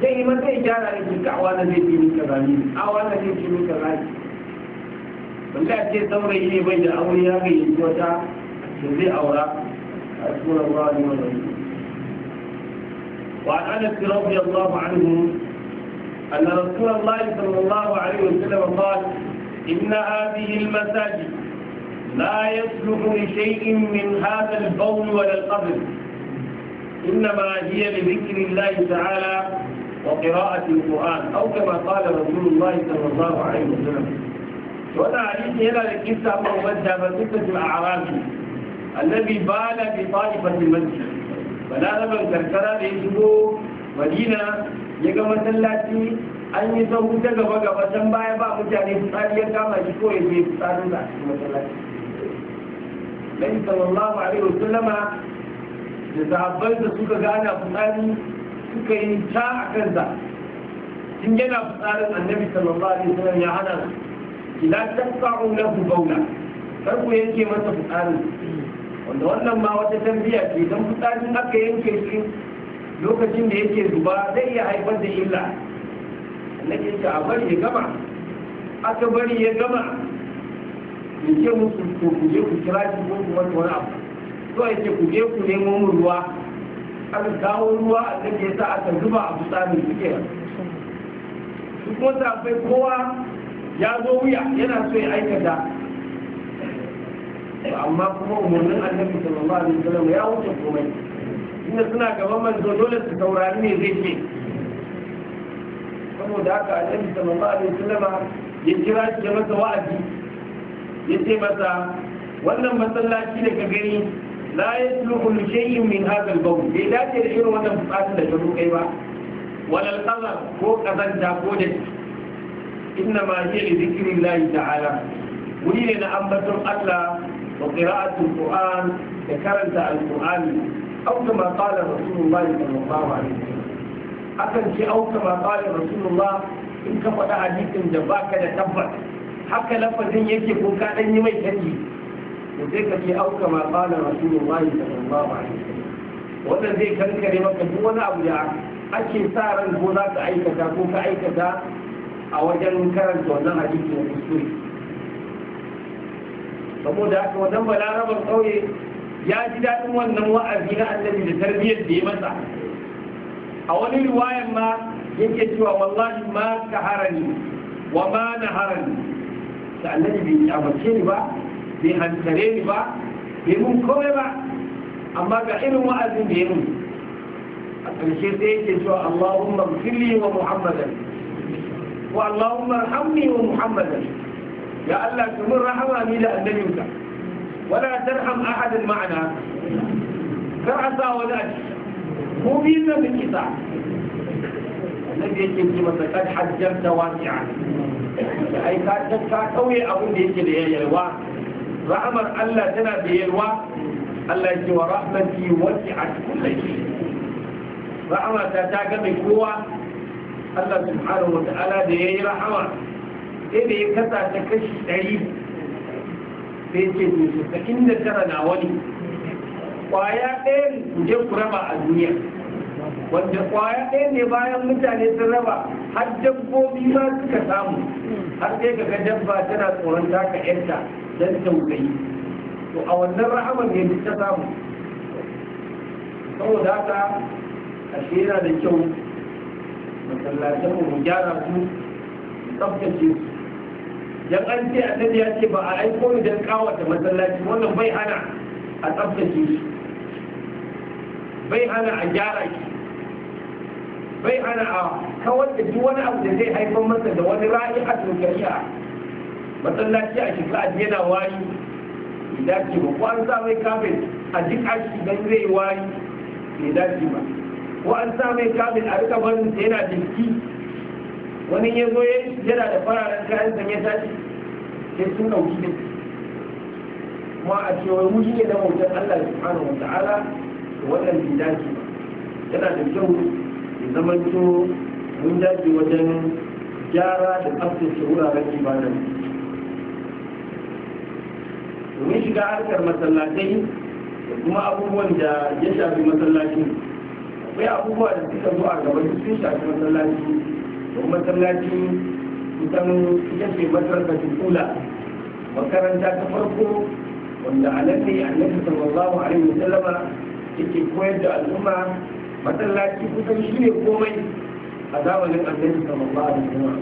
zai yi mata gyara da kika a wannan zai fi mika zami a wannan zai fi mika zami wanda ce saurayi ne bai da aure ya ga yanzu wata da zai aura a tura ruwa ne wannan wa an anas rabbi allah anhu anna rasul allah sallallahu alaihi wasallam qal inna hadhihi almasajid لا يصلح لشيء من هذا البول ولا القبر إنما هي لذكر الله تعالى وقراءة القرآن أو كما قال رسول الله صلى الله عليه وسلم وأنا حديث هنا لكيسة مؤمدة بسكة الأعرابي الذي بال بطائفة المسجد فلا لمن كركرة ليجبو مدينة يقى مسلاتي an yi sahu ta gaba gaba can baya ba mutane fitsari ya kama shi ko ya je fitsarin da a cikin masallaci nabi sallallahu alaihi wasallama da sahabbai da suka gana fitsari suka yi ta a kansa in yana fitsarin annabi sallallahu alaihi wasallam ya hana su ila tafa'u lahu bawla kar ku yanke masa fitsarin wanda wannan ma wata tarbiyya ce dan fitsarin aka yanke shi lokacin da yake zuba zai iya haifar da illa annabi ya a bari ya gama aka bari ya gama ya ce musu ko ku je ku kira shi ko kuma wani abu to ya ce ku je ku nemo ruwa aka kawo ruwa annabi ya sa aka zuba a fitsari suke su kuma tafai kowa ya zo wuya yana so ya aikata amma kuma umarnin annabi sallallahu alaihi wasallam ya wuce komai inda suna gaban manzo dole su taurari ne zai ke saboda haka annabi sallallahu alaihi wasallam ya kira shi ya masa wa'azi ya ce masa wannan masallaci da ka gani la yasluhu shay'un min hadha al-bawl bai dace da irin wannan fitsarin da ta kai ba wal qadar ko kazanta ko da inna ma hiya li dhikrillah ta'ala wuri ne na ambaton Allah wa qira'atul qur'an da karanta al-qur'ani أو كما قال رسول الله صلى الله عليه وسلم akan ce au kama qala rasulullah in ka faɗa hadisin da baka da tabbas haka lafazin yake ko ka dan yi mai canji to sai ka ce auka ma qala rasulullahi sallallahu alaihi wasallam wannan zai kankare maka duk wani abu da ake sa ran ko za ka aikata ko ka aikata a wajen karanta wannan hadisi na kuskure saboda haka wajen balarabar ƙauye ya ji daɗin wannan wa'azi na annabi da tarbiyyar da ya masa a wani riwayan ma yake cewa wallahi ma ka harani wa ma na harani da annabi bai kyamace ni ba bai hankare ni ba bai mun komai ba amma ga irin wa'azin da ya mun a ƙarshe sai yake cewa Allahumma gfirli wa Muhammadan ko Allahumma arhamni wa Muhammadan ya Allah ka mun rahama ni da annabinka wala tarham ahadan ma'ana kar a sa wani a ko bi na mu kisa annabi yake ce masa kad hajjarta wasi'a ai ka ta kauye abin da yake da yayyawa ra'amar Allah tana da yalwa Allah ya ce wa rahmati wasi'at kulli shay ra'ama ta ta ga kowa Allah subhanahu wa ta'ala da yayi rahama sai da ya kasa ta kashi ɗari sai ce to ta inda tara na wani kwaya ɗaya je ku raba a duniya wanda kwaya ɗaya ne bayan mutane sun raba har dabbobi ma suka samu har sai ka ga dabba tana tsoron taka 'yanta Don tausayi to a wannan ra'amar ne duk ta samu saboda haka ashe yana da kyau masallacin mu gyara su tsaftace su don an ce annabi ya ce ba a aiko ni don kawata masallaci wannan bai hana a tsaftace su, bai hana a gyara shi bai hana a kawar da duk wani abu da zai haifar masa da wani a kariya masallaci a a yana wari mai dace ba ko sa mai kafin a duk aiki don zai wari mai dace ba ko an sa mai kafin a rika barin da yana jiki wani ya zo yana da fararen kayan sanye ta tashi sai sun ɗauki da kuma a cewa wuri ne na wajen Allah subhanahu wa ta'ala wannan bai dace ba yana da kyau ya zama to mun dace wajen gyara da tsaftace wuraren ibadan domin shiga harkar masallatai kuma abubuwan da ya shafi masallaci akwai abubuwa da suka zo a gaba sun shafi masallaci to masallaci kusan ita ce masarka tukula makaranta ta farko wanda a nan alaƙi annabi sallallahu alaihi wasallama yake koyar da al'umma masallaci kusan shi ne komai a zamanin annabi sallallahu alaihi wasallama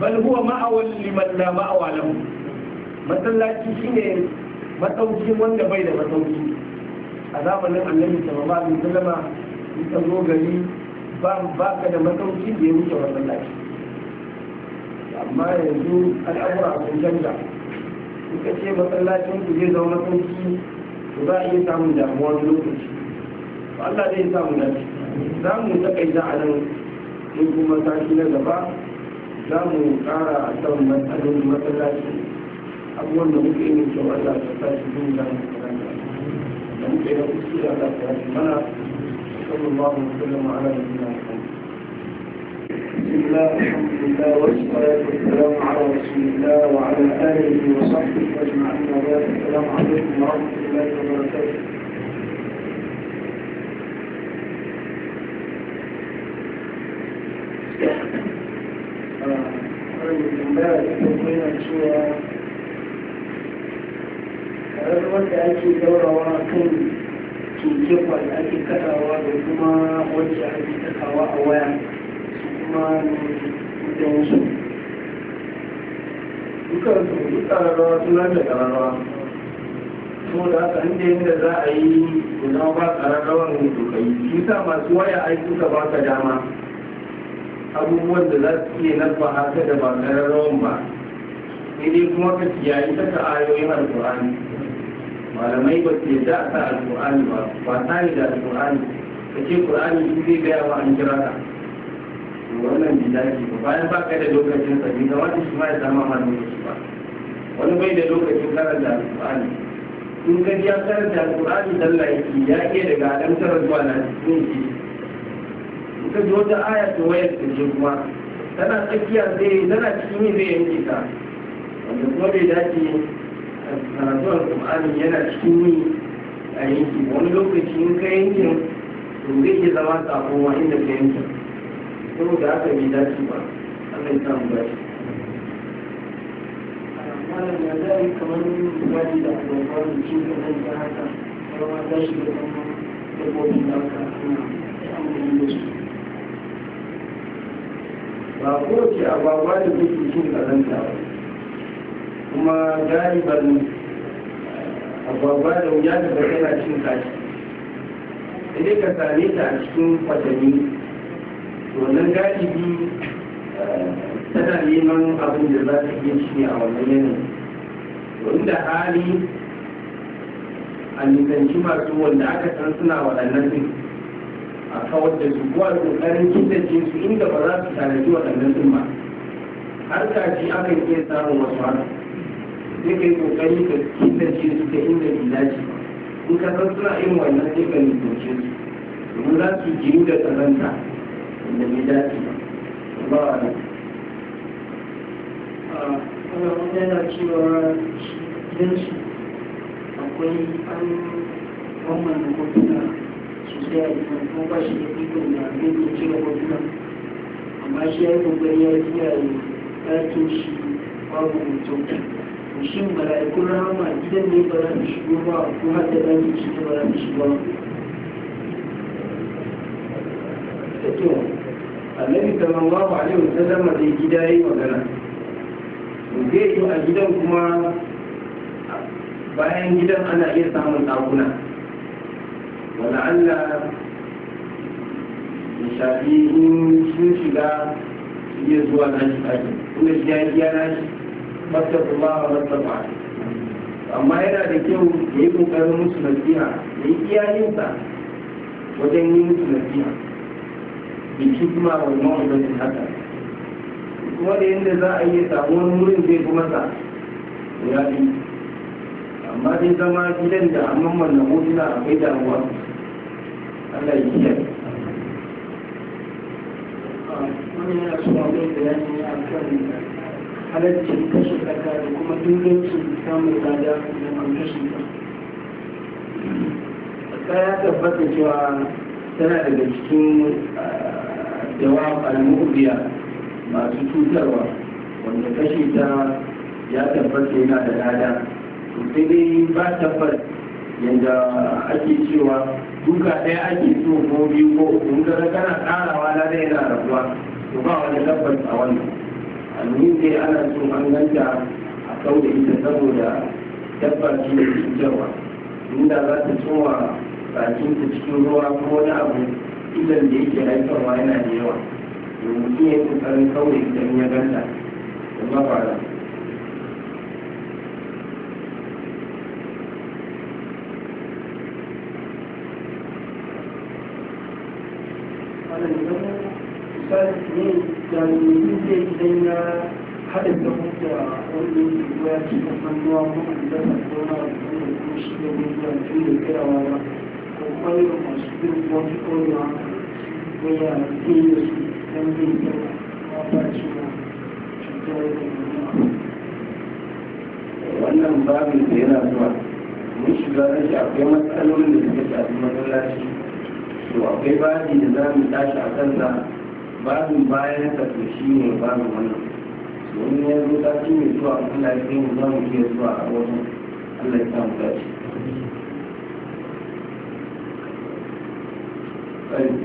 bal huwa ma'awal liman la ma'awalam masallaci shine matsaukin wanda bai da matsauki a zamanin annabi sallallahu alaihi wasallam in ka zo gari ba ka da matsauki da ya wuce wannan lafi amma yanzu al'amura sun canza suka ce masallacin ku zai zama matsauki to za a iya samun damuwa wani lokaci Allah zai samu dace za mu taƙaita a nan in kuma sashi na gaba za mu ƙara kan matsalolin masallaci abubuwan da muke yin kyau Allah ta sa shi jin da da muke da kuskure Allah ta yafi mana sallallahu alaihi wasallam ala nabiyina Muhammad بسم الله الحمد لله والصلاة والسلام على رسول الله وعلى آله وصحبه أجمعين وبارك السلام عليكم ورحمة الله وبركاته أنا من بعد تقولين rarrabar da ake daurawa a kan keke kwal ake kadawa da kuma wacce ake takawa a waya su kuma da wasu dukkan su duk kararrawa suna da kararrawa kuma da haka inda yadda za a yi guda ba kararrawar mutu kai shi sa masu waya ai suka ba ka dama abubuwan da za su iya nafa haka da ba kararrawan ba sai dai kuma ka kiyaye saka ayoyin alkur'ani malamai ba su da a sa alƙur'ani ba ba ta yi da alƙur'ani ka ce ƙur'ani shi zai gaya wa an kira ka wannan bi daji ba bayan ba ka da lokacin sa bi kamata shi ma ya zama hannu da shi ba wani bai da lokacin karanta alƙur'ani in ka ya karanta alƙur'ani sallah yake ya ke daga adam tara zuwa na cikin shi in ka ji wata aya ta wayar ta je kuma tana tsakiya zai tana cikin zai yanke ta wanda kuma bai dace karatu alƙur'ani yana cikin yi a yanki wani lokaci in ka yankin to zai iya zama sakon wa inda ka yankin saboda haka bai dace ba Allah ya samu dace malam ya zai kamar misali da abubuwan da ke da nan ta haka kuma za shi da kuma dabbobin da aka suna amfani da su ba kowace abubuwa da kuke cikin kazanta ba kuma galiban agwagwa da wuya da ba yana cin kashi idan ka same ta a cikin kwatanni wannan galibi eh, tana neman abin da za ta iya shi a wannan yanayi Wani da hali a nisanci masu wanda aka san suna waɗannan din a kawar da su kuwa ƙoƙarin killace su inda ba za su tanaji waɗannan din ba har kaji akan iya samun wasu hannu. sai ka yi kokari ka killace su ta inda su dace in ka san suna yin wannan sai ka nisance su domin za su jiru da tsananta da bai dace ba ba a yana cewa gidan su akwai an wannan da kwamfuta sosai a jikin kuma ba shi da ikon da zai ke cire kwamfuta amma shi ya yi kokari ya kiyaye ɗakin shi babu mutum shin mala'ikun rahama gidan ne ba za su shigo ba ko har da ɗan su ta ba za su shigo ba da kyau annabi sallallahu alaihi wasallam da gida yayi magana zai yau a gidan kuma bayan gidan ana iya samun ɗakuna wala Allah ya shafi in sun shiga su iya zuwa nashi ɗakin kuma shi ya yi nashi فاتقوا الله ما استطعتم amma yana da kyau ya yi ƙoƙarin musu nasiha ya yi iyayensa wajen yi musu nasiha da hikima wa ma'aikacin haka kuma da yadda za a yi samu wani wurin zai kuma sa ya fi amma dai zama gidan da amma wannan hotuna akwai damuwa Allah yi kiyaye wannan yana so a kai bayani akan halarci kashe ƙasa da kuma ingancin samun lada da an kashe ta ta ya tabbata cewa tana daga cikin ah, jawab al masu cutarwa wanda kashe ta ya tabbata yana da lada sai dai ba tabbat yadda ake cewa duka ɗaya ake so ko biyu ko uku kana ƙarawa lada yana rabuwa to ba wani tabbas a wannan almuhim dai ana so an ganta a kau da ita saboda dabba ce da cutarwa inda za ta tsoma bakinta cikin ruwa ko wani abu idan da yake haifarwa yana da yawa domin mutum ya yi kokarin kau da ita in ya ganta da mafara iya idan ya haɗin da a wani ko ya ci kan hannuwa ko a da ko na wani shi da wani da tun kirawa ba ko kwallo da masu bin wani korewa ko ya ke da su don bin kira ma ba shi ba cutar da wannan babin da yana zuwa mun shiga rashi akwai matsalolin da suka shafi matsalaci to akwai babi da za mu tashi a kansa babu bayan ka to shi ne babu wannan domin ya zo ta ci mai zuwa kuma ya kai mu za mu iya zuwa a wasu Allah ya samu dace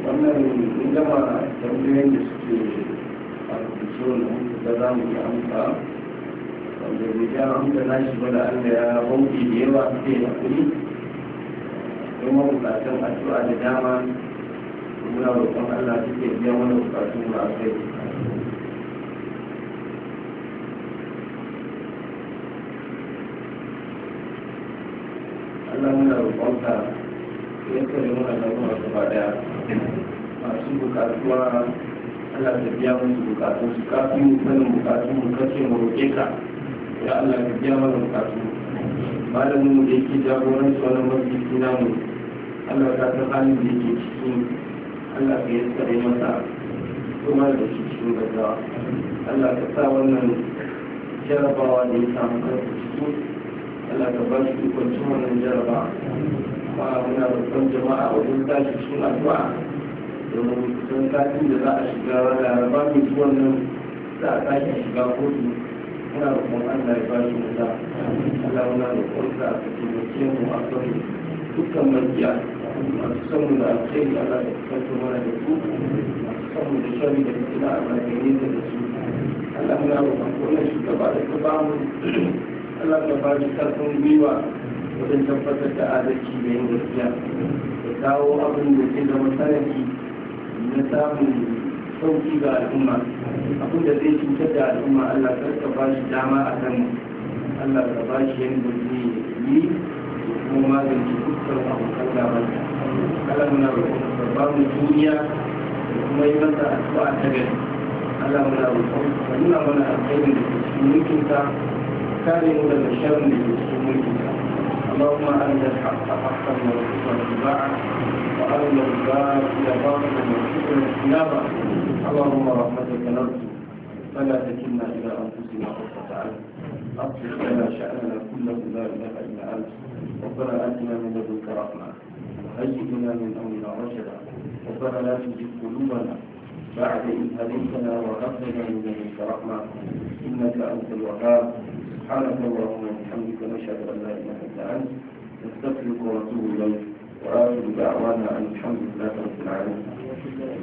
wannan in gama tambayoyin da suke a rubutun da za mu yi amsa wanda bai ja amsa na shi ba da Allah ya bauki da yawa suke hakuri kuma bukatun addu'a da dama muna roƙon Allah suke biya mana bukatun mu a kai Allah muna roƙon ka ya kare mana gaba daya masu bukatuwa Allah ta biya musu bukatun su kafin mu sanin bukatun mu kace mu roƙe ka ya Allah ka biya mana bukatun malamin mu da yake jagoranci wannan mafi mu, Allah ta san halin da yake Allah ka yi yaskare masa kuma da shi cikin gaggawa Allah ka sa wannan jarabawa da ya samu karfi ciki Allah ka ba shi ikon cin wannan jarabawa kuma muna roƙon jama'a wajen tashi cikin addu'a domin don satin da za a shiga ba mu ji wannan za a tashi shiga kotu muna roƙon Allah ya ba shi maza Allah muna roƙon ka ka taimake mu a kan dukkan mafiya samu da alkhairi Allah da kanto mana da su samu da shari da fitina a magani da da su Allah na roƙon wannan shugaba da ka ba mu Allah ka ba shi karfin gwiwa wajen tabbatar da adalci da yin gaskiya da kawo abin da ke zama sanadi na samun sauki ga al'umma abin da zai cutar da al'umma Allah ka ba shi dama a kan Allah ka ba shi yin gudu yi kuma magance dukkan abokan gaban Allah muna roƙon ba mu duniya da kuma yi masa addu'a ta gari Allah اللهم أرنا الحق حقا وارزقنا اتباعه وأرنا الباطل باطلا وارزقنا اجتنابه اللهم رحمتك نرجو فلا تكلنا إلى أنفسنا طرفة عين أصلح لنا شأننا كله لا إله إلا أنت ربنا آتنا من لدنك رحمة هيئنا من أمرنا رشدا وفر لا تجد قلوبنا بعد إن هديتنا وهب من ذلك رحمة إنك أنت الوهاب سبحانك اللهم وبحمدك نشهد أن لا إله إلا أنت نستغفرك ونتوب إليك وآخر دعوانا أن الحمد لله رب العالمين